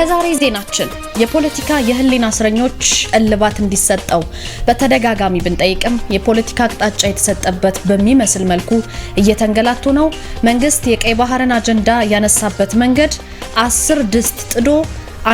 በዛሬ ዜናችን የፖለቲካ የህሊና እስረኞች እልባት እንዲሰጠው በተደጋጋሚ ብንጠይቅም የፖለቲካ አቅጣጫ የተሰጠበት በሚመስል መልኩ እየተንገላቱ ነው። መንግስት የቀይ ባህርን አጀንዳ ያነሳበት መንገድ አስር ድስት ጥዶ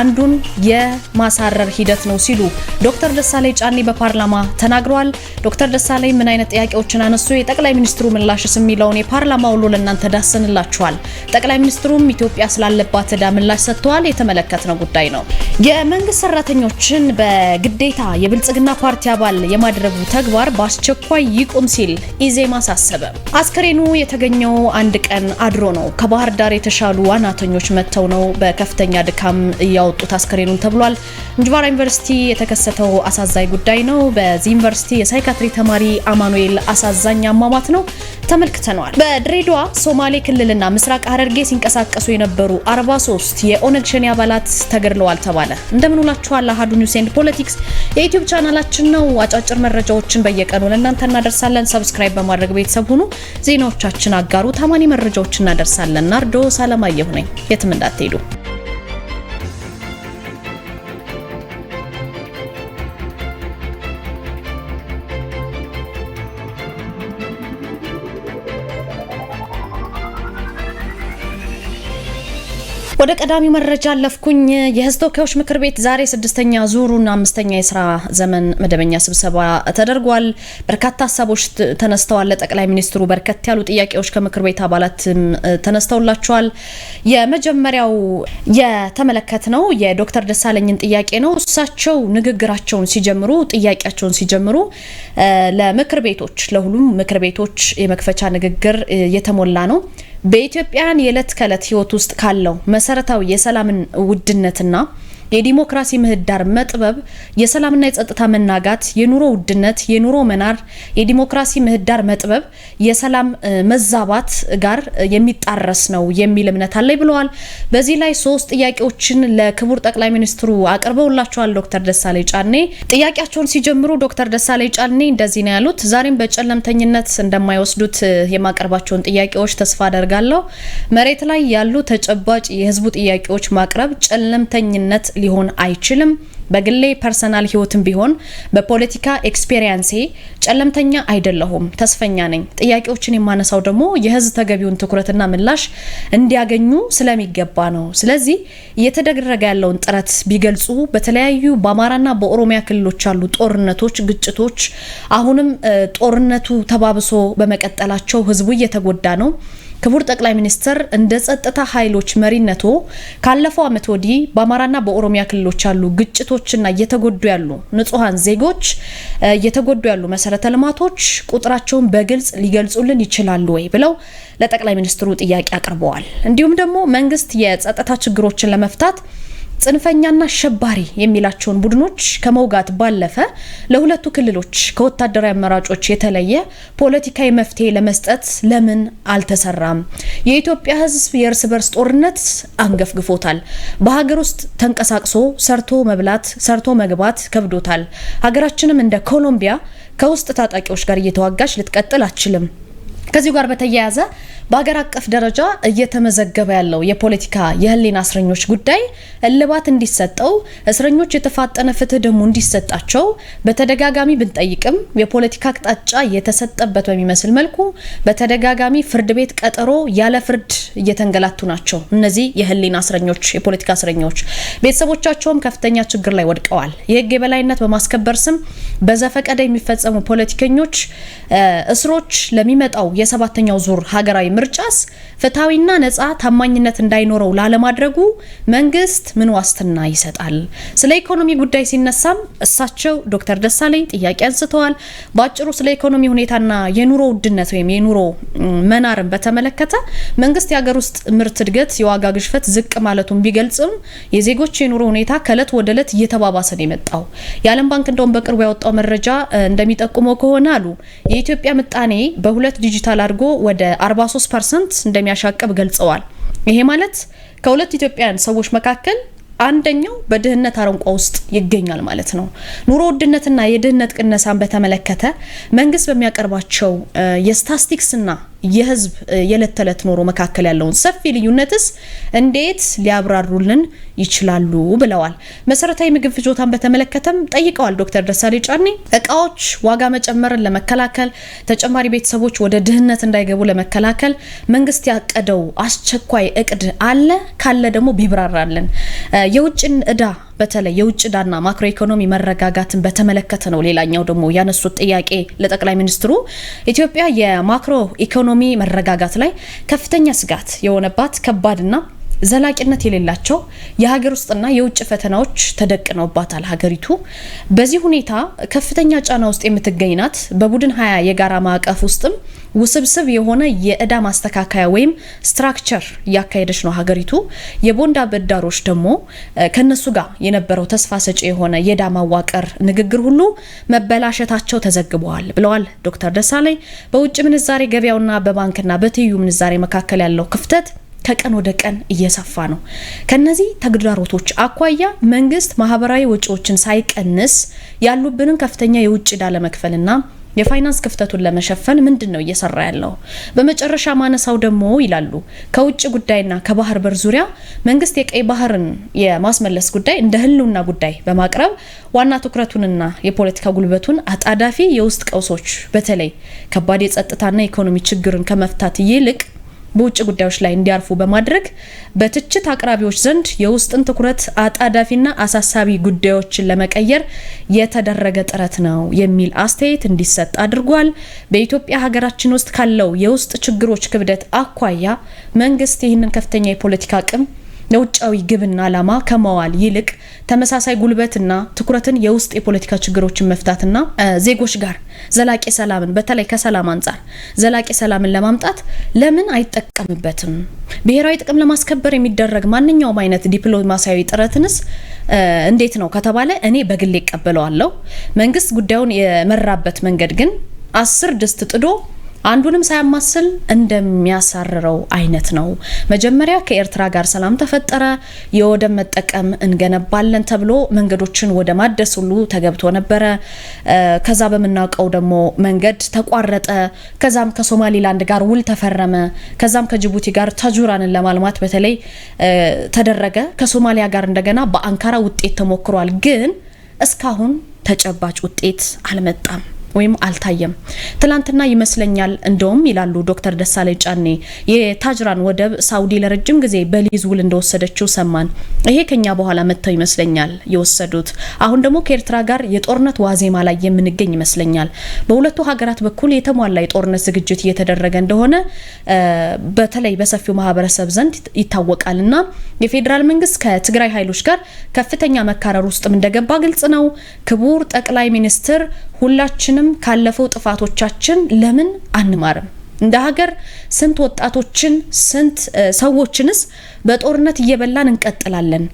አንዱን የማሳረር ሂደት ነው ሲሉ ዶክተር ደሳለኝ ጫኔ በፓርላማ ተናግረዋል። ዶክተር ደሳለኝ ምን አይነት ጥያቄዎችን አነሱ? የጠቅላይ ሚኒስትሩ ምላሽስ የሚለውን የፓርላማ ውሎ ለእናንተ ዳሰንላችኋል። ጠቅላይ ሚኒስትሩም ኢትዮጵያ ስላለባት እዳ ምላሽ ሰጥተዋል። የተመለከትነው ጉዳይ ነው። የመንግስት ሰራተኞችን በግዴታ የብልጽግና ፓርቲ አባል የማድረጉ ተግባር በአስቸኳይ ይቁም ሲል ኢዜማ አሳሰበ። አስከሬኑ የተገኘው አንድ ቀን አድሮ ነው። ከባህር ዳር የተሻሉ ዋናተኞች መጥተው ነው በከፍተኛ ድካም እያ ያወጡት አስከሬኑን ተብሏል። እንጅባራ ዩኒቨርሲቲ የተከሰተው አሳዛኝ ጉዳይ ነው። በዚህ ዩኒቨርሲቲ የሳይካትሪ ተማሪ አማኑኤል አሳዛኝ አሟሟት ነው ተመልክተነዋል። በድሬዳዋ ሶማሌ ክልልና ምስራቅ ሐረርጌ ሲንቀሳቀሱ የነበሩ 43 የኦነግ ሸኔ አባላት ተገድለዋል ተባለ። እንደምንውላችኋል አሀዱ ኒውስ ኤንድ ፖለቲክስ የዩቲዩብ ቻናላችን ነው። አጫጭር መረጃዎችን በየቀኑ ለእናንተ እናደርሳለን። ሰብስክራይብ በማድረግ ቤተሰብ ሁኑ። ዜናዎቻችን አጋሩ። ታማኒ መረጃዎች እናደርሳለን። ናርዶ ሳለማየሁ ነኝ። የትም እንዳትሄዱ። ወደ ቀዳሚው መረጃ አለፍኩኝ። የህዝብ ተወካዮች ምክር ቤት ዛሬ ስድስተኛ ዙሩና አምስተኛ የስራ ዘመን መደበኛ ስብሰባ ተደርጓል። በርካታ ሀሳቦች ተነስተዋል። ለጠቅላይ ሚኒስትሩ በርከት ያሉ ጥያቄዎች ከምክር ቤት አባላትም ተነስተውላቸዋል። የመጀመሪያው ነው የዶክተር ደሳለኝን ጥያቄ ነው። እሳቸው ንግግራቸውን ሲጀምሩ ጥያቄያቸውን ሲጀምሩ ለምክር ቤቶች ለሁሉም ምክር ቤቶች የመክፈቻ ንግግር የተሞላ ነው በኢትዮጵያውያን የዕለት ከዕለት ህይወት ውስጥ ካለው መሰረታዊ የሰላምን ውድነትና የዲሞክራሲ ምህዳር መጥበብ፣ የሰላምና የጸጥታ መናጋት፣ የኑሮ ውድነት፣ የኑሮ መናር፣ የዲሞክራሲ ምህዳር መጥበብ፣ የሰላም መዛባት ጋር የሚጣረስ ነው የሚል እምነት አለኝ ብለዋል። በዚህ ላይ ሶስት ጥያቄዎችን ለክቡር ጠቅላይ ሚኒስትሩ አቅርበውላቸዋል። ዶክተር ደሳለኝ ጫኔ ጥያቄያቸውን ሲጀምሩ ዶክተር ደሳለኝ ጫኔ እንደዚህ ነው ያሉት። ዛሬም በጨለምተኝነት እንደማይወስዱት የማቀርባቸውን ጥያቄዎች ተስፋ አደርጋለሁ። መሬት ላይ ያሉ ተጨባጭ የህዝቡ ጥያቄዎች ማቅረብ ጨለምተኝነት ሊሆን አይችልም። በግሌ ፐርሰናል ህይወትም ቢሆን በፖለቲካ ኤክስፔሪንሴ ጨለምተኛ አይደለሁም፣ ተስፈኛ ነኝ። ጥያቄዎችን የማነሳው ደግሞ የህዝብ ተገቢውን ትኩረትና ምላሽ እንዲያገኙ ስለሚገባ ነው። ስለዚህ እየተደረገ ያለውን ጥረት ቢገልጹ። በተለያዩ በአማራና በኦሮሚያ ክልሎች ያሉ ጦርነቶች፣ ግጭቶች አሁንም ጦርነቱ ተባብሶ በመቀጠላቸው ህዝቡ እየተጎዳ ነው። ክቡር ጠቅላይ ሚኒስትር እንደ ጸጥታ ኃይሎች መሪነቶ ካለፈው ዓመት ወዲህ በአማራና በኦሮሚያ ክልሎች ያሉ ግጭቶችና እየተጎዱ ያሉ ንጹሐን ዜጎች እየተጎዱ ያሉ መሰረተ ልማቶች ቁጥራቸውን በግልጽ ሊገልጹልን ይችላሉ ወይ ብለው ለጠቅላይ ሚኒስትሩ ጥያቄ አቅርበዋል። እንዲሁም ደግሞ መንግስት የጸጥታ ችግሮችን ለመፍታት ጽንፈኛና አሸባሪ የሚላቸውን ቡድኖች ከመውጋት ባለፈ ለሁለቱ ክልሎች ከወታደራዊ አመራጮች የተለየ ፖለቲካዊ መፍትሄ ለመስጠት ለምን አልተሰራም? የኢትዮጵያ ሕዝብ የእርስ በርስ ጦርነት አንገፍግፎታል። በሀገር ውስጥ ተንቀሳቅሶ ሰርቶ መብላት፣ ሰርቶ መግባት ከብዶታል። ሀገራችንም እንደ ኮሎምቢያ ከውስጥ ታጣቂዎች ጋር እየተዋጋች ልትቀጥል አትችልም። ከዚህ ጋር በተያያዘ በሀገር አቀፍ ደረጃ እየተመዘገበ ያለው የፖለቲካ የህሊና እስረኞች ጉዳይ እልባት እንዲሰጠው እስረኞች የተፋጠነ ፍትህ ደግሞ እንዲሰጣቸው በተደጋጋሚ ብንጠይቅም የፖለቲካ አቅጣጫ የተሰጠበት በሚመስል መልኩ በተደጋጋሚ ፍርድ ቤት ቀጠሮ ያለ ፍርድ እየተንገላቱ ናቸው። እነዚህ የህሊና እስረኞች፣ የፖለቲካ እስረኞች ቤተሰቦቻቸውም ከፍተኛ ችግር ላይ ወድቀዋል። የህግ የበላይነት በማስከበር ስም በዘፈቀደ የሚፈጸሙ ፖለቲከኞች እስሮች ለሚመጣው የሰባተኛው ዙር ሀገራዊ ምርጫስ ፍትሐዊና ነጻ ታማኝነት እንዳይኖረው ላለማድረጉ መንግስት ምን ዋስትና ይሰጣል? ስለ ኢኮኖሚ ጉዳይ ሲነሳም እሳቸው ዶክተር ደሳለኝ ጥያቄ አንስተዋል። በአጭሩ ስለ ኢኮኖሚ ሁኔታና የኑሮ ውድነት ወይም የኑሮ መናርን በተመለከተ መንግስት የሀገር ውስጥ ምርት እድገት የዋጋ ግሽፈት ዝቅ ማለቱን ቢገልጽም የዜጎች የኑሮ ሁኔታ ከእለት ወደ እለት እየተባባሰ ነው የመጣው። የዓለም ባንክ እንደውም በቅርቡ ያወጣው መረጃ እንደሚጠቁመው ከሆነ አሉ የኢትዮጵያ ምጣኔ በሁለት ዲጂታል አድርጎ ወደ 43 ፐርሰንት እንደሚያ እንደሚያሻቅብ ገልጸዋል። ይሄ ማለት ከሁለት ኢትዮጵያውያን ሰዎች መካከል አንደኛው በድህነት አረንቋ ውስጥ ይገኛል ማለት ነው። ኑሮ ውድነትና የድህነት ቅነሳን በተመለከተ መንግስት በሚያቀርባቸው የስታስቲክስና የህዝብ የዕለት ተዕለት ኑሮ መካከል ያለውን ሰፊ ልዩነትስ እንዴት ሊያብራሩልን ይችላሉ ብለዋል። መሰረታዊ ምግብ ፍጆታን በተመለከተም ጠይቀዋል ዶክተር ደሳሌ ጫኔ። እቃዎች ዋጋ መጨመርን ለመከላከል ተጨማሪ ቤተሰቦች ወደ ድህነት እንዳይገቡ ለመከላከል መንግስት ያቀደው አስቸኳይ እቅድ አለ? ካለ ደግሞ ቢብራራልን። የውጭን እዳ በተለይ የውጭ ዳና ማክሮ ኢኮኖሚ መረጋጋትን በተመለከተ ነው። ሌላኛው ደግሞ ያነሱት ጥያቄ ለጠቅላይ ሚኒስትሩ ኢትዮጵያ የማክሮ ኢኮኖሚ መረጋጋት ላይ ከፍተኛ ስጋት የሆነባት ከባድና ዘላቂነት የሌላቸው የሀገር ውስጥና የውጭ ፈተናዎች ተደቅነውባታል። ሀገሪቱ በዚህ ሁኔታ ከፍተኛ ጫና ውስጥ የምትገኝ ናት። በቡድን ሀያ የጋራ ማዕቀፍ ውስጥም ውስብስብ የሆነ የእዳ ማስተካከያ ወይም ስትራክቸር እያካሄደች ነው ሀገሪቱ። የቦንድ አበዳሮች ደግሞ ከነሱ ጋር የነበረው ተስፋ ሰጪ የሆነ የእዳ ማዋቀር ንግግር ሁሉ መበላሸታቸው ተዘግበዋል ብለዋል ዶክተር ደሳለኝ። በውጭ ምንዛሬ ገበያውና በባንክና በትይዩ ምንዛሬ መካከል ያለው ክፍተት ከቀን ወደ ቀን እየሰፋ ነው። ከነዚህ ተግዳሮቶች አኳያ መንግስት ማህበራዊ ወጪዎችን ሳይቀንስ ያሉብንን ከፍተኛ የውጭ ዕዳ ለመክፈልና የፋይናንስ ክፍተቱን ለመሸፈን ምንድን ነው እየሰራ ያለው? በመጨረሻ ማነሳው ደግሞ ይላሉ ከውጭ ጉዳይና ከባህር በር ዙሪያ መንግስት የቀይ ባህርን የማስመለስ ጉዳይ እንደ ህልውና ጉዳይ በማቅረብ ዋና ትኩረቱንና የፖለቲካ ጉልበቱን አጣዳፊ የውስጥ ቀውሶች በተለይ ከባድ የጸጥታና የኢኮኖሚ ችግርን ከመፍታት ይልቅ በውጭ ጉዳዮች ላይ እንዲያርፉ በማድረግ በትችት አቅራቢዎች ዘንድ የውስጥን ትኩረት አጣዳፊና አሳሳቢ ጉዳዮችን ለመቀየር የተደረገ ጥረት ነው የሚል አስተያየት እንዲሰጥ አድርጓል። በኢትዮጵያ ሀገራችን ውስጥ ካለው የውስጥ ችግሮች ክብደት አኳያ መንግስት ይህንን ከፍተኛ የፖለቲካ አቅም ለውጫዊ ግብና ዓላማ ከመዋል ይልቅ ተመሳሳይ ጉልበትና ትኩረትን የውስጥ የፖለቲካ ችግሮችን መፍታትና ዜጎች ጋር ዘላቂ ሰላምን በተለይ ከሰላም አንጻር ዘላቂ ሰላምን ለማምጣት ለምን አይጠቀምበትም? ብሔራዊ ጥቅም ለማስከበር የሚደረግ ማንኛውም አይነት ዲፕሎማሲያዊ ጥረትንስ እንዴት ነው ከተባለ እኔ በግሌ ይቀበለዋለሁ። መንግስት ጉዳዩን የመራበት መንገድ ግን አስር ድስት ጥዶ አንዱንም ሳያማስል እንደሚያሳርረው አይነት ነው። መጀመሪያ ከኤርትራ ጋር ሰላም ተፈጠረ፣ የወደብ መጠቀም እንገነባለን ተብሎ መንገዶችን ወደ ማደስ ሁሉ ተገብቶ ነበረ። ከዛ በምናውቀው ደግሞ መንገድ ተቋረጠ። ከዛም ከሶማሊላንድ ጋር ውል ተፈረመ። ከዛም ከጅቡቲ ጋር ታጁራንን ለማልማት በተለይ ተደረገ። ከሶማሊያ ጋር እንደገና በአንካራ ውጤት ተሞክሯል። ግን እስካሁን ተጨባጭ ውጤት አልመጣም። ወይም አልታየም። ትላንትና ይመስለኛል እንደውም ይላሉ ዶክተር ደሳለኝ ጫኔ የታጅራን ወደብ ሳውዲ ለረጅም ጊዜ በሊዝ ውል እንደወሰደችው ሰማን። ይሄ ከኛ በኋላ መጥተው ይመስለኛል የወሰዱት። አሁን ደግሞ ከኤርትራ ጋር የጦርነት ዋዜማ ላይ የምንገኝ ይመስለኛል። በሁለቱ ሀገራት በኩል የተሟላ የጦርነት ዝግጅት እየተደረገ እንደሆነ በተለይ በሰፊው ማህበረሰብ ዘንድ ይታወቃል እና የፌዴራል መንግስት ከትግራይ ኃይሎች ጋር ከፍተኛ መካረር ውስጥም እንደገባ ግልጽ ነው። ክቡር ጠቅላይ ሚኒስትር ሁላችንም ካለፈው ጥፋቶቻችን ለምን አንማርም? እንደ ሀገር ስንት ወጣቶችን ስንት ሰዎችንስ በጦርነት እየበላን እንቀጥላለን?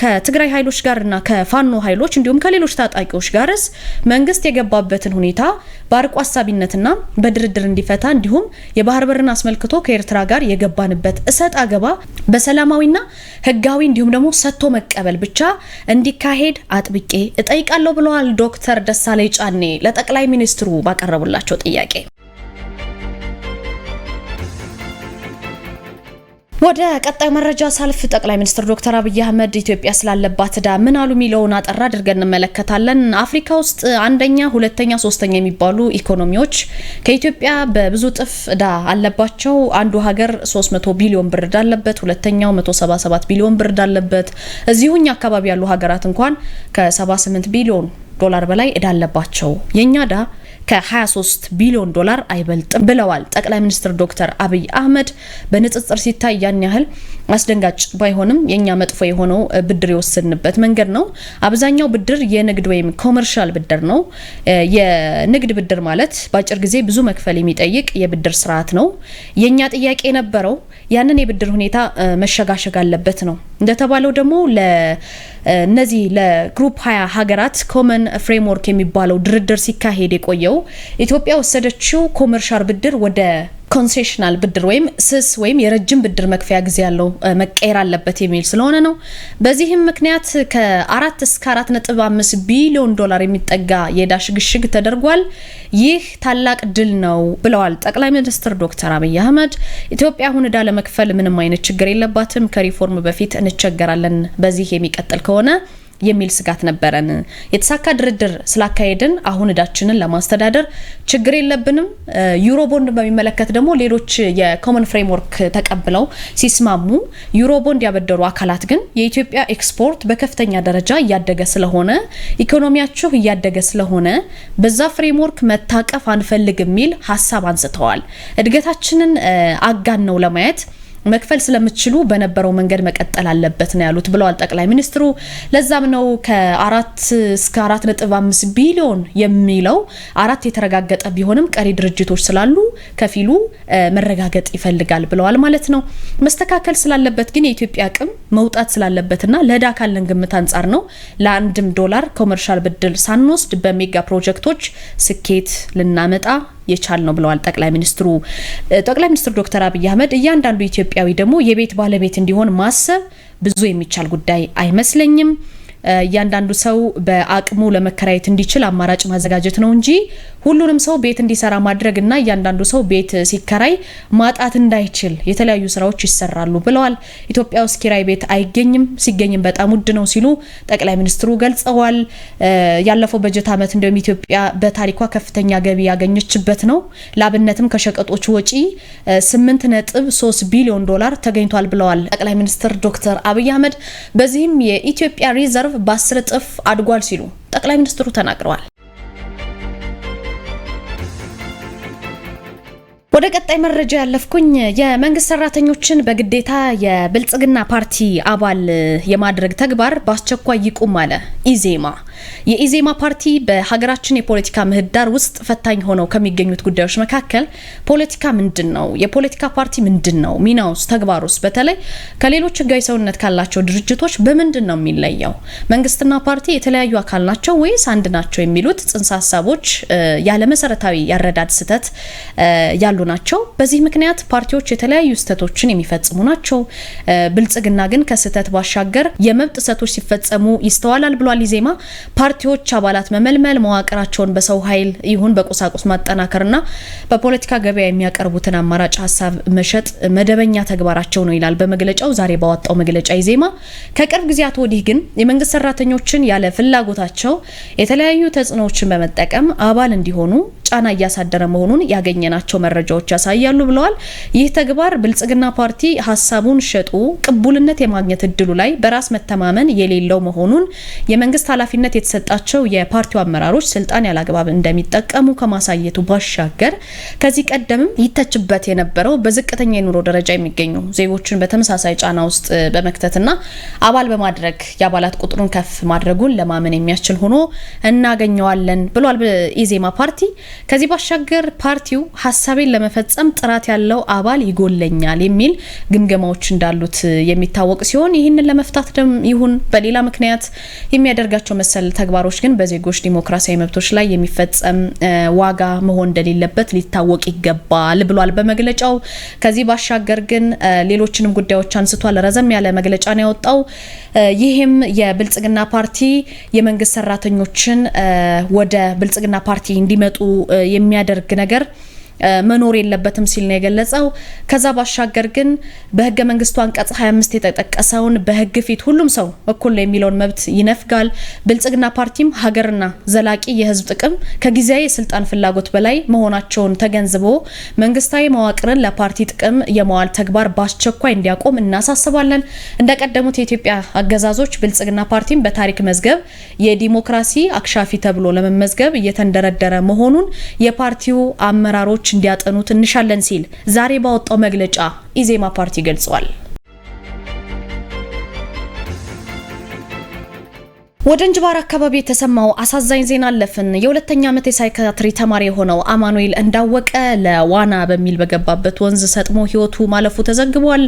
ከትግራይ ኃይሎች ጋርና ከፋኖ ኃይሎች እንዲሁም ከሌሎች ታጣቂዎች ጋርስ መንግስት የገባበትን ሁኔታ በአርቆ አሳቢነትና በድርድር እንዲፈታ እንዲሁም የባህር በርን አስመልክቶ ከኤርትራ ጋር የገባንበት እሰጥ አገባ በሰላማዊና ህጋዊ እንዲሁም ደግሞ ሰጥቶ መቀበል ብቻ እንዲካሄድ አጥብቄ እጠይቃለሁ ብለዋል ዶክተር ደሳለኝ ጫኔ ለጠቅላይ ሚኒስትሩ ባቀረቡላቸው ጥያቄ ወደ ቀጣይ መረጃ ሳልፍ ጠቅላይ ሚኒስትር ዶክተር አብይ አህመድ ኢትዮጵያ ስላለባት እዳ ምን አሉ የሚለውን አጠር አድርገን እንመለከታለን። አፍሪካ ውስጥ አንደኛ፣ ሁለተኛ፣ ሶስተኛ የሚባሉ ኢኮኖሚዎች ከኢትዮጵያ በብዙ ጥፍ እዳ አለባቸው። አንዱ ሀገር 300 ቢሊዮን ብር ዕዳ አለበት፣ ሁለተኛው 177 ቢሊዮን ብር ዕዳ አለበት። እዚሁኛ አካባቢ ያሉ ሀገራት እንኳን ከ78 ቢሊዮን ዶላር በላይ እዳ አለባቸው። የእኛ ዳ ከ23 ቢሊዮን ዶላር አይበልጥም ብለዋል። ጠቅላይ ሚኒስትር ዶክተር አብይ አህመድ በንጽጽር ሲታይ ያን ያህል አስደንጋጭ ባይሆንም የእኛ መጥፎ የሆነው ብድር የወሰድንበት መንገድ ነው። አብዛኛው ብድር የንግድ ወይም ኮመርሻል ብድር ነው። የንግድ ብድር ማለት በአጭር ጊዜ ብዙ መክፈል የሚጠይቅ የብድር ስርዓት ነው። የእኛ ጥያቄ የነበረው ያንን የብድር ሁኔታ መሸጋሸግ አለበት ነው። እንደተባለው ደግሞ ለእነዚህ ለግሩፕ ሀያ ሀገራት ኮመን ፍሬምወርክ የሚባለው ድርድር ሲካሄድ የቆየው ኢትዮጵያ ወሰደችው ኮመርሻል ብድር ወደ ኮንሴሽናል ብድር ወይም ስስ ወይም የረጅም ብድር መክፈያ ጊዜ ያለው መቀየር አለበት የሚል ስለሆነ ነው። በዚህም ምክንያት ከአራት እስከ አራት ነጥብ አምስት ቢሊዮን ዶላር የሚጠጋ የዕዳ ሽግሽግ ተደርጓል። ይህ ታላቅ ድል ነው ብለዋል ጠቅላይ ሚኒስትር ዶክተር አብይ አህመድ። ኢትዮጵያ አሁን ዕዳ ለመክፈል ምንም አይነት ችግር የለባትም። ከሪፎርም በፊት እንቸገራለን በዚህ የሚቀጥል ከሆነ የሚል ስጋት ነበረን። የተሳካ ድርድር ስላካሄድን አሁን እዳችንን ለማስተዳደር ችግር የለብንም። ዩሮ ቦንድ በሚመለከት ደግሞ ሌሎች የኮመን ፍሬምወርክ ተቀብለው ሲስማሙ ዩሮ ቦንድ ያበደሩ አካላት ግን የኢትዮጵያ ኤክስፖርት በከፍተኛ ደረጃ እያደገ ስለሆነ ኢኮኖሚያችሁ እያደገ ስለሆነ በዛ ፍሬምወርክ መታቀፍ አንፈልግ የሚል ሀሳብ አንስተዋል። እድገታችንን አጋን ነው ለማየት መክፈል ስለምትችሉ በነበረው መንገድ መቀጠል አለበት ነው ያሉት ብለዋል ጠቅላይ ሚኒስትሩ። ለዛም ነው ከአራት እስከ አራት ነጥብ አምስት ቢሊዮን የሚለው አራት የተረጋገጠ ቢሆንም ቀሪ ድርጅቶች ስላሉ ከፊሉ መረጋገጥ ይፈልጋል ብለዋል ማለት ነው። መስተካከል ስላለበት ግን የኢትዮጵያ አቅም መውጣት ስላለበትና ለዕዳ ካለን ግምት አንጻር ነው ለአንድም ዶላር ኮመርሻል ብድል ሳንወስድ በሜጋ ፕሮጀክቶች ስኬት ልናመጣ የቻል ነው ብለዋል ጠቅላይ ሚኒስትሩ። ጠቅላይ ሚኒስትር ዶክተር አብይ አህመድ እያንዳንዱ ኢትዮጵያዊ ደግሞ የቤት ባለቤት እንዲሆን ማሰብ ብዙ የሚቻል ጉዳይ አይመስለኝም። እያንዳንዱ ሰው በአቅሙ ለመከራየት እንዲችል አማራጭ ማዘጋጀት ነው እንጂ ሁሉንም ሰው ቤት እንዲሰራ ማድረግ እና እያንዳንዱ ሰው ቤት ሲከራይ ማጣት እንዳይችል የተለያዩ ስራዎች ይሰራሉ ብለዋል። ኢትዮጵያ ውስጥ ኪራይ ቤት አይገኝም፣ ሲገኝም በጣም ውድ ነው ሲሉ ጠቅላይ ሚኒስትሩ ገልጸዋል። ያለፈው በጀት ዓመት እንዲሁም ኢትዮጵያ በታሪኳ ከፍተኛ ገቢ ያገኘችበት ነው። ለአብነትም ከሸቀጦች ወጪ 8.3 ቢሊዮን ዶላር ተገኝቷል ብለዋል ጠቅላይ ሚኒስትር ዶክተር አብይ አህመድ። በዚህም የኢትዮጵያ ሪዘርቭ በ10 እጥፍ አድጓል ሲሉ ጠቅላይ ሚኒስትሩ ተናግረዋል። ወደ ቀጣይ መረጃ ያለፍኩኝ የመንግስት ሰራተኞችን በግዴታ የብልጽግና ፓርቲ አባል የማድረግ ተግባር በአስቸኳይ ይቁም አለ ኢዜማ። የኢዜማ ፓርቲ በሀገራችን የፖለቲካ ምህዳር ውስጥ ፈታኝ ሆነው ከሚገኙት ጉዳዮች መካከል ፖለቲካ ምንድን ነው? የፖለቲካ ፓርቲ ምንድን ነው? ሚናውስ፣ ተግባሩስ በተለይ ከሌሎች ህጋዊ ሰውነት ካላቸው ድርጅቶች በምንድን ነው የሚለየው? መንግስትና ፓርቲ የተለያዩ አካል ናቸው ወይስ አንድ ናቸው? የሚሉት ጽንሰ ሀሳቦች ያለ መሰረታዊ ያረዳድ ስህተት ያሉ ናቸው። በዚህ ምክንያት ፓርቲዎች የተለያዩ ስህተቶችን የሚፈጽሙ ናቸው። ብልጽግና ግን ከስህተት ባሻገር የመብት ጥሰቶች ሲፈጸሙ ይስተዋላል ብሏል። ኢዜማ ፓርቲዎች አባላት መመልመል፣ መዋቅራቸውን በሰው ኃይል ይሁን በቁሳቁስ ማጠናከርና በፖለቲካ ገበያ የሚያቀርቡትን አማራጭ ሀሳብ መሸጥ መደበኛ ተግባራቸው ነው ይላል በመግለጫው ዛሬ ባወጣው መግለጫ ኢዜማ ከቅርብ ጊዜያት ወዲህ ግን የመንግስት ሰራተኞችን ያለ ፍላጎታቸው የተለያዩ ተጽዕኖዎችን በመጠቀም አባል እንዲሆኑ ጫና እያሳደረ መሆኑን ያገኘናቸው መረጃ መረጃዎች ያሳያሉ ብለዋል። ይህ ተግባር ብልጽግና ፓርቲ ሀሳቡን ሸጡ ቅቡልነት የማግኘት እድሉ ላይ በራስ መተማመን የሌለው መሆኑን የመንግስት ኃላፊነት የተሰጣቸው የፓርቲው አመራሮች ስልጣን ያላግባብ እንደሚጠቀሙ ከማሳየቱ ባሻገር ከዚህ ቀደምም ይተችበት የነበረው በዝቅተኛ የኑሮ ደረጃ የሚገኙ ዜጎችን በተመሳሳይ ጫና ውስጥ በመክተትና አባል በማድረግ የአባላት ቁጥሩን ከፍ ማድረጉን ለማመን የሚያስችል ሆኖ እናገኘዋለን ብሏል። ኢዜማ ፓርቲ ከዚህ ባሻገር ፓርቲው ሀሳቤን ለመፈጸም ጥራት ያለው አባል ይጎለኛል የሚል ግምገማዎች እንዳሉት የሚታወቅ ሲሆን ይህንን ለመፍታት ይሁን በሌላ ምክንያት የሚያደርጋቸው መሰል ተግባሮች ግን በዜጎች ዲሞክራሲያዊ መብቶች ላይ የሚፈጸም ዋጋ መሆን እንደሌለበት ሊታወቅ ይገባል ብሏል በመግለጫው። ከዚህ ባሻገር ግን ሌሎችንም ጉዳዮች አንስቷል። ረዘም ያለ መግለጫ ነው ያወጣው። ይህም የብልጽግና ፓርቲ የመንግስት ሰራተኞችን ወደ ብልጽግና ፓርቲ እንዲመጡ የሚያደርግ ነገር መኖር የለበትም ሲል ነው የገለጸው። ከዛ ባሻገር ግን በህገ መንግስቱ አንቀጽ 25 የተጠቀሰውን በህግ ፊት ሁሉም ሰው እኩል ነው የሚለውን መብት ይነፍጋል። ብልጽግና ፓርቲም ሀገርና ዘላቂ የህዝብ ጥቅም ከጊዜያዊ የስልጣን ፍላጎት በላይ መሆናቸውን ተገንዝቦ መንግስታዊ መዋቅርን ለፓርቲ ጥቅም የመዋል ተግባር በአስቸኳይ እንዲያቆም እናሳስባለን። እንደቀደሙት የኢትዮጵያ አገዛዞች ብልጽግና ፓርቲም በታሪክ መዝገብ የዲሞክራሲ አክሻፊ ተብሎ ለመመዝገብ እየተንደረደረ መሆኑን የፓርቲው አመራሮች እንዲያጠኑ ትንሻለን ሲል ዛሬ ባወጣው መግለጫ ኢዜማ ፓርቲ ገልጿል። ወደ እንጅባር አካባቢ የተሰማው አሳዛኝ ዜና አለፍን። የሁለተኛ ዓመት የሳይካትሪ ተማሪ የሆነው አማኑኤል እንዳወቀ ለዋና በሚል በገባበት ወንዝ ሰጥሞ ሕይወቱ ማለፉ ተዘግቧል።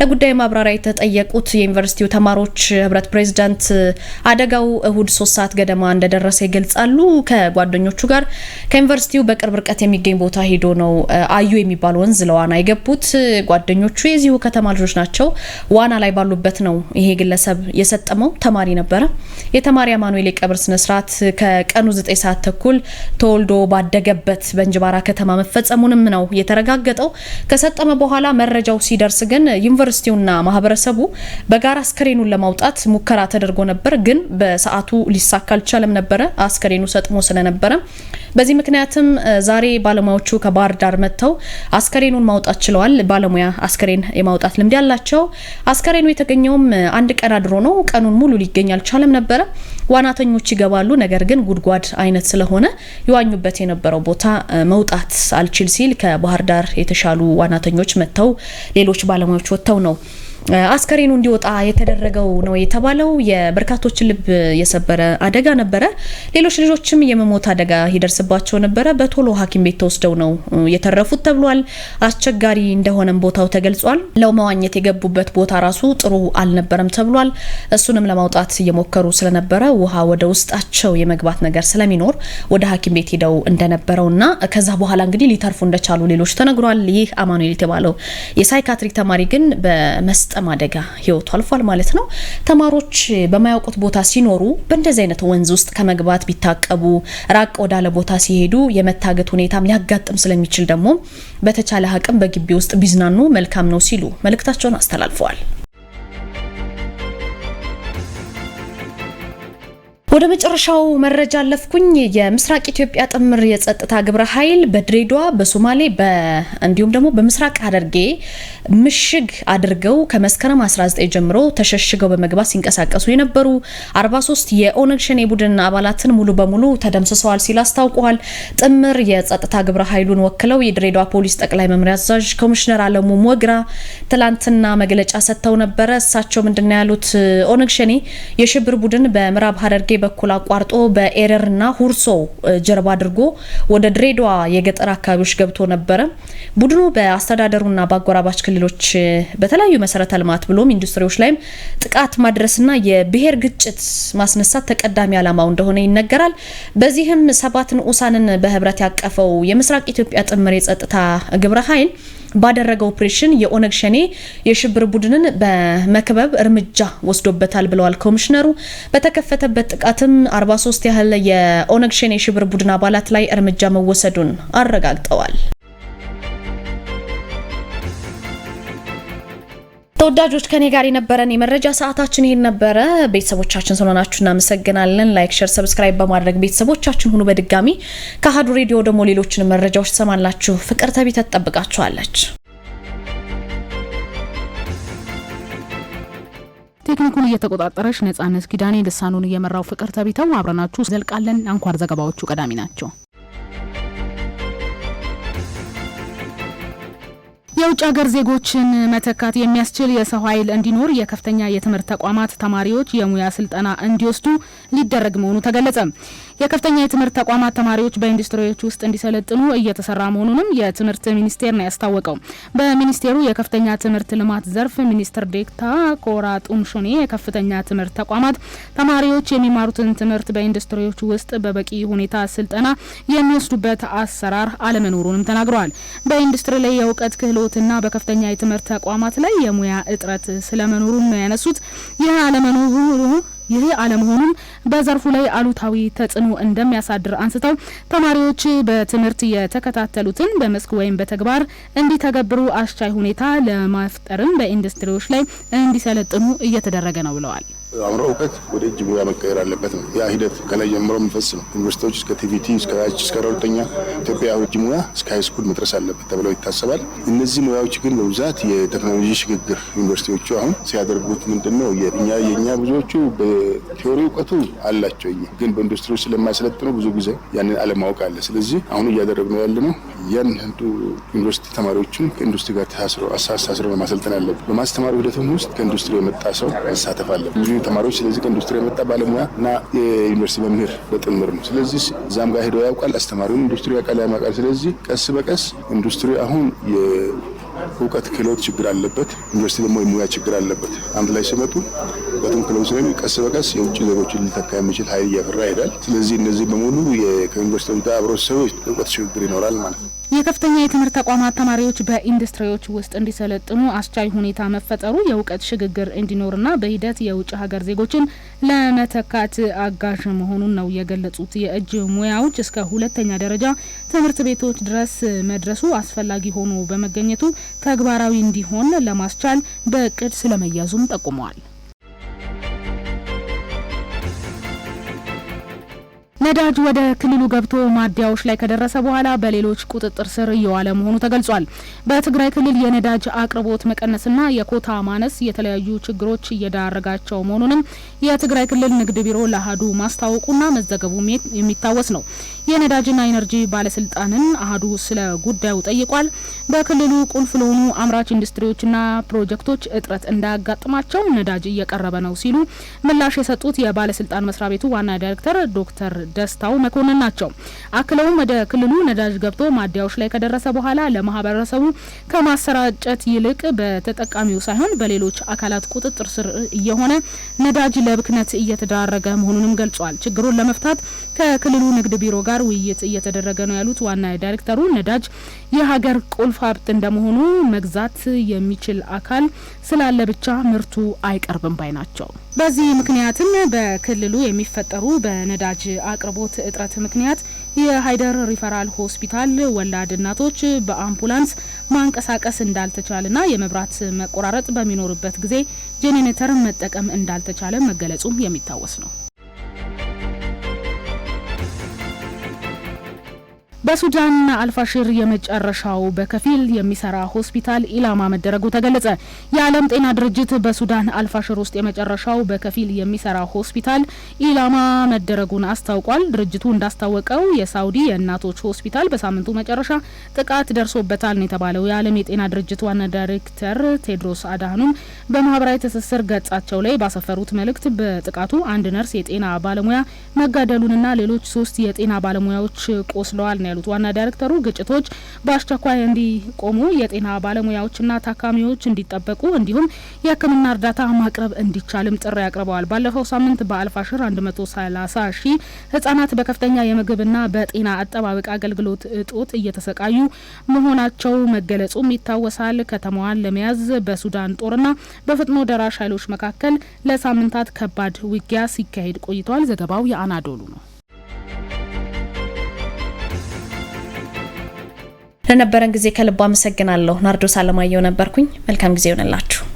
ለጉዳዩ ማብራሪያ የተጠየቁት የዩኒቨርሲቲው ተማሪዎች ህብረት ፕሬዚዳንት አደጋው እሁድ ሶስት ሰዓት ገደማ እንደደረሰ ይገልጻሉ። ከጓደኞቹ ጋር ከዩኒቨርሲቲው በቅርብ ርቀት የሚገኝ ቦታ ሄዶ ነው አዩ የሚባል ወንዝ ለዋና የገቡት። ጓደኞቹ የዚሁ ከተማ ልጆች ናቸው። ዋና ላይ ባሉበት ነው ይሄ ግለሰብ የሰጠመው ተማሪ ነበረ። የተማሪ አማኑኤል የቀብር ስነስርዓት ከቀኑ ዘጠኝ ሰዓት ተኩል ተወልዶ ባደገበት በእንጅባራ ከተማ መፈጸሙንም ነው የተረጋገጠው። ከሰጠመ በኋላ መረጃው ሲደርስ ግን ዩኒቨርሲቲውና ማህበረሰቡ በጋራ አስከሬኑን ለማውጣት ሙከራ ተደርጎ ነበር፣ ግን በሰዓቱ ሊሳካ አልቻለም ነበረ አስከሬኑ ሰጥሞ ስለነበረ። በዚህ ምክንያትም ዛሬ ባለሙያዎቹ ከባህር ዳር መጥተው አስከሬኑን ማውጣት ችለዋል። ባለሙያ አስከሬን የማውጣት ልምድ ያላቸው። አስከሬኑ የተገኘውም አንድ ቀን አድሮ ነው። ቀኑን ሙሉ ሊገኝ አልቻለም ነበረ። ዋናተኞች ይገባሉ። ነገር ግን ጉድጓድ አይነት ስለሆነ ይዋኙበት የነበረው ቦታ መውጣት አልችል ሲል ከባህር ዳር የተሻሉ ዋናተኞች መጥተው ሌሎች ባለሙያዎች ወጥተው ነው አስከሬኑ እንዲወጣ የተደረገው ነው የተባለው። የበርካቶችን ልብ የሰበረ አደጋ ነበረ። ሌሎች ልጆችም የመሞት አደጋ ይደርስባቸው ነበረ። በቶሎ ሐኪም ቤት ተወስደው ነው የተረፉት ተብሏል። አስቸጋሪ እንደሆነም ቦታው ተገልጿል። ለመዋኘት የገቡበት ቦታ ራሱ ጥሩ አልነበረም ተብሏል። እሱንም ለማውጣት እየሞከሩ ስለነበረ ውሃ ወደ ውስጣቸው የመግባት ነገር ስለሚኖር ወደ ሐኪም ቤት ሄደው እንደነበረውና ከዛ በኋላ እንግዲህ ሊተርፉ እንደቻሉ ሌሎች ተነግሯል። ይህ አማኑኤል የተባለው የሳይካትሪክ ተማሪ ግን በመስጠ በመፍጸም አደጋ ህይወቱ አልፏል ማለት ነው። ተማሪዎች በማያውቁት ቦታ ሲኖሩ በእንደዚህ አይነት ወንዝ ውስጥ ከመግባት ቢታቀቡ፣ ራቅ ወዳለ ቦታ ሲሄዱ የመታገት ሁኔታም ሊያጋጥም ስለሚችል ደግሞ በተቻለ አቅም በግቢ ውስጥ ቢዝናኑ መልካም ነው ሲሉ መልእክታቸውን አስተላልፈዋል። ወደ መጨረሻው መረጃ አለፍኩኝ። የምስራቅ ኢትዮጵያ ጥምር የጸጥታ ግብረ ኃይል በድሬዳዋ፣ በሶማሌ እንዲሁም ደግሞ በምስራቅ ሐረርጌ ምሽግ አድርገው ከመስከረም 19 ጀምሮ ተሸሽገው በመግባት ሲንቀሳቀሱ የነበሩ 43 የኦነግ ሸኔ ቡድን አባላትን ሙሉ በሙሉ ተደምስሰዋል ሲል አስታውቀዋል። ጥምር የጸጥታ ግብረ ኃይሉን ወክለው የድሬዳዋ ፖሊስ ጠቅላይ መምሪያ አዛዥ ኮሚሽነር አለሙ ሞግራ ትላንትና መግለጫ ሰጥተው ነበረ። እሳቸው ምንድነው ያሉት? ኦነግ ሸኔ የሽብር ቡድን በምዕራብ ሐረርጌ በኩል አቋርጦ በኤረርና ሁርሶ ጀርባ አድርጎ ወደ ድሬዳዋ የገጠር አካባቢዎች ገብቶ ነበረ። ቡድኑ በአስተዳደሩና በአጎራባች ክልሎች በተለያዩ መሰረተ ልማት ብሎም ኢንዱስትሪዎች ላይም ጥቃት ማድረስና የብሔር ግጭት ማስነሳት ተቀዳሚ ዓላማው እንደሆነ ይነገራል። በዚህም ሰባት ንዑሳንን በህብረት ያቀፈው የምስራቅ ኢትዮጵያ ጥምር የጸጥታ ግብረ ኃይል ባደረገው ኦፕሬሽን የኦነግ ሸኔ የሽብር ቡድንን በመክበብ እርምጃ ወስዶበታል ብለዋል ኮሚሽነሩ። በተከፈተበት ጥቃትም 43 ያህል የኦነግ ሸኔ የሽብር ቡድን አባላት ላይ እርምጃ መወሰዱን አረጋግጠዋል። ተወዳጆች ከኔ ጋር የነበረን የመረጃ ሰዓታችን ይሄን ነበረ። ቤተሰቦቻችን ስለሆናችሁ እናመሰግናለን። ላይክ፣ ሸር፣ ሰብስክራይብ በማድረግ ቤተሰቦቻችን ሁኑ። በድጋሚ ከአሀዱ ሬዲዮ ደግሞ ሌሎችን መረጃዎች ትሰማላችሁ። ፍቅር ተቢተ ተጠብቃችኋለች። ቴክኒኩን እየተቆጣጠረች ነጻነት ኪዳኔ፣ ልሳኑን እየመራው ፍቅር ተቢተው አብረናችሁ ዘልቃለን። አንኳር ዘገባዎቹ ቀዳሚ ናቸው። የውጭ ሀገር ዜጎችን መተካት የሚያስችል የሰው ኃይል እንዲኖር የከፍተኛ የትምህርት ተቋማት ተማሪዎች የሙያ ስልጠና እንዲወስዱ ሊደረግ መሆኑ ተገለጸ። የከፍተኛ የትምህርት ተቋማት ተማሪዎች በኢንዱስትሪዎች ውስጥ እንዲሰለጥኑ እየተሰራ መሆኑንም የትምህርት ሚኒስቴር ነው ያስታወቀው። በሚኒስቴሩ የከፍተኛ ትምህርት ልማት ዘርፍ ሚኒስትር ዴኤታ ኮራ ጡምሹኔ የከፍተኛ ትምህርት ተቋማት ተማሪዎች የሚማሩትን ትምህርት በኢንዱስትሪዎች ውስጥ በበቂ ሁኔታ ስልጠና የሚወስዱበት አሰራር አለመኖሩንም ተናግረዋል። በኢንዱስትሪ ላይ የእውቀት ክህሎትና በከፍተኛ የትምህርት ተቋማት ላይ የሙያ እጥረት ስለመኖሩ ነው ያነሱት። ይህ አለመኖሩ ይህ አለመሆኑም በዘርፉ ላይ አሉታዊ ተጽዕኖ እንደሚያሳድር አንስተው ተማሪዎች በትምህርት የተከታተሉትን በመስክ ወይም በተግባር እንዲተገብሩ አስቻይ ሁኔታ ለማፍጠርም በኢንዱስትሪዎች ላይ እንዲሰለጥኑ እየተደረገ ነው ብለዋል። አምሮ እውቀት ወደ እጅ ሙያ መቀየር አለበት ነው። ያ ሂደት ከላይ ጀምሮ የሚፈስ ነው። ዩኒቨርሲቲዎች እስከ ቲቪቲ እስከ ራች እስከ ረሁለተኛ ኢትዮጵያ እጅ ሙያ እስከ ሃይስኩል መድረስ አለበት ተብለው ይታሰባል። እነዚህ ሙያዎች ግን በብዛት የቴክኖሎጂ ሽግግር ዩኒቨርሲቲዎቹ አሁን ሲያደርጉት ምንድን ነው የእኛ ብዙዎቹ በቴዎሪ እውቀቱ አላቸው። ግን ውስጥ ስለማይሰለጥኑ ብዙ ጊዜ ያንን አለማወቅ አለ። ስለዚህ አሁን እያደረግነው ያለ ነው እያንዳንዱ ዩኒቨርሲቲ ተማሪዎችን ከኢንዱስትሪ ጋር ተሳስረው ለማሰልጠን አለብን። በማስተማሪ ሂደትም ውስጥ ከኢንዱስትሪ የመጣ ሰው መሳተፍ አለብን። ብዙ ተማሪዎች ስለዚህ ከኢንዱስትሪ የመጣ ባለሙያ እና የዩኒቨርሲቲ መምህር በጥምር ነው። ስለዚህ እዛም ጋር ሄደው ያውቃል፣ አስተማሪውን ኢንዱስትሪ ያውቃል፣ ያማቃል። ስለዚህ ቀስ በቀስ ኢንዱስትሪ አሁን እውቀት ክህሎት ችግር አለበት። ዩኒቨርሲቲ ደግሞ የሙያ ችግር አለበት። አንድ ላይ ሲመጡ እውቀቱም ክህሎት ስለሚ ቀስ በቀስ የውጭ ዜጎችን ሊተካ የሚችል ኃይል እያፈራ ይሄዳል። ስለዚህ እነዚህ በሙሉ ከዩኒቨርሲቲ ጋር አብሮ ሲሰሩ እውቀት ሽግግር ይኖራል ማለት ነው። የከፍተኛ የትምህርት ተቋማት ተማሪዎች በኢንዱስትሪዎች ውስጥ እንዲሰለጥኑ አስቻይ ሁኔታ መፈጠሩ የእውቀት ሽግግር እንዲኖርና በሂደት የውጭ ሀገር ዜጎችን ለመተካት አጋዥ መሆኑን ነው የገለጹት። የእጅ ሙያዎች እስከ ሁለተኛ ደረጃ ትምህርት ቤቶች ድረስ መድረሱ አስፈላጊ ሆኖ በመገኘቱ ተግባራዊ እንዲሆን ለማስቻል በእቅድ ስለመያዙም ጠቁመዋል። ነዳጅ ወደ ክልሉ ገብቶ ማደያዎች ላይ ከደረሰ በኋላ በሌሎች ቁጥጥር ስር እየዋለ መሆኑ ተገልጿል። በትግራይ ክልል የነዳጅ አቅርቦት መቀነስና የኮታ ማነስ የተለያዩ ችግሮች እየዳረጋቸው መሆኑንም የትግራይ ክልል ንግድ ቢሮ ለሀዱ ማስታወቁና መዘገቡ የሚታወስ ነው። የነዳጅና ኢነርጂ ባለስልጣንን አህዱ ስለ ጉዳዩ ጠይቋል። በክልሉ ቁልፍ ለሆኑ አምራች ኢንዱስትሪዎችና ፕሮጀክቶች እጥረት እንዳያጋጥማቸው ነዳጅ እየቀረበ ነው ሲሉ ምላሽ የሰጡት የባለስልጣን መስሪያ ቤቱ ዋና ዳይሬክተር ዶክተር ደስታው መኮንን ናቸው። አክለውም ወደ ክልሉ ነዳጅ ገብቶ ማደያዎች ላይ ከደረሰ በኋላ ለማህበረሰቡ ከማሰራጨት ይልቅ በተጠቃሚው ሳይሆን በሌሎች አካላት ቁጥጥር ስር እየሆነ ነዳጅ ለብክነት እየተዳረገ መሆኑንም ገልጿል። ችግሩን ለመፍታት ከክልሉ ንግድ ቢሮ ጋር ጋር ውይይት እየተደረገ ነው ያሉት ዋና ዳይሬክተሩ ነዳጅ የሀገር ቁልፍ ሀብት እንደመሆኑ መግዛት የሚችል አካል ስላለ ብቻ ምርቱ አይቀርብም ባይ ናቸው። በዚህ ምክንያትም በክልሉ የሚፈጠሩ በነዳጅ አቅርቦት እጥረት ምክንያት የሀይደር ሪፈራል ሆስፒታል ወላድ እናቶች በአምቡላንስ ማንቀሳቀስ እንዳልተቻለና የመብራት መቆራረጥ በሚኖርበት ጊዜ ጄኔሬተር መጠቀም እንዳልተቻለ መገለጹም የሚታወስ ነው። በሱዳን አልፋሽር የመጨረሻው በከፊል የሚሰራ ሆስፒታል ኢላማ መደረጉ ተገለጸ። የዓለም ጤና ድርጅት በሱዳን አልፋሽር ውስጥ የመጨረሻው በከፊል የሚሰራ ሆስፒታል ኢላማ መደረጉን አስታውቋል። ድርጅቱ እንዳስታወቀው የሳውዲ የእናቶች ሆስፒታል በሳምንቱ መጨረሻ ጥቃት ደርሶበታል ነው የተባለው። የዓለም የጤና ድርጅት ዋና ዳይሬክተር ቴድሮስ አድሃኖም በማህበራዊ ትስስር ገጻቸው ላይ ባሰፈሩት መልእክት በጥቃቱ አንድ ነርስ፣ የጤና ባለሙያ መጋደሉንና ሌሎች ሶስት የጤና ባለሙያዎች ቆስለዋል ነው ያሉት ዋና ዳይሬክተሩ ግጭቶች በአስቸኳይ እንዲቆሙ የጤና ባለሙያዎችና ታካሚዎች እንዲጠበቁ እንዲሁም የሕክምና እርዳታ ማቅረብ እንዲቻልም ጥሪ አቅርበዋል። ባለፈው ሳምንት በአልፋሽር 130 ሺህ ህጻናት በከፍተኛ የምግብና በጤና አጠባበቅ አገልግሎት እጦት እየተሰቃዩ መሆናቸው መገለጹም ይታወሳል። ከተማዋን ለመያዝ በሱዳን ጦርና በፍጥኖ ደራሽ ኃይሎች መካከል ለሳምንታት ከባድ ውጊያ ሲካሄድ ቆይቷል። ዘገባው የአናዶሉ ነው። ለነበረን ጊዜ ከልብ አመሰግናለሁ። ናርዶስ አለማየሁ ነበርኩኝ። መልካም ጊዜ ይሆንላችሁ።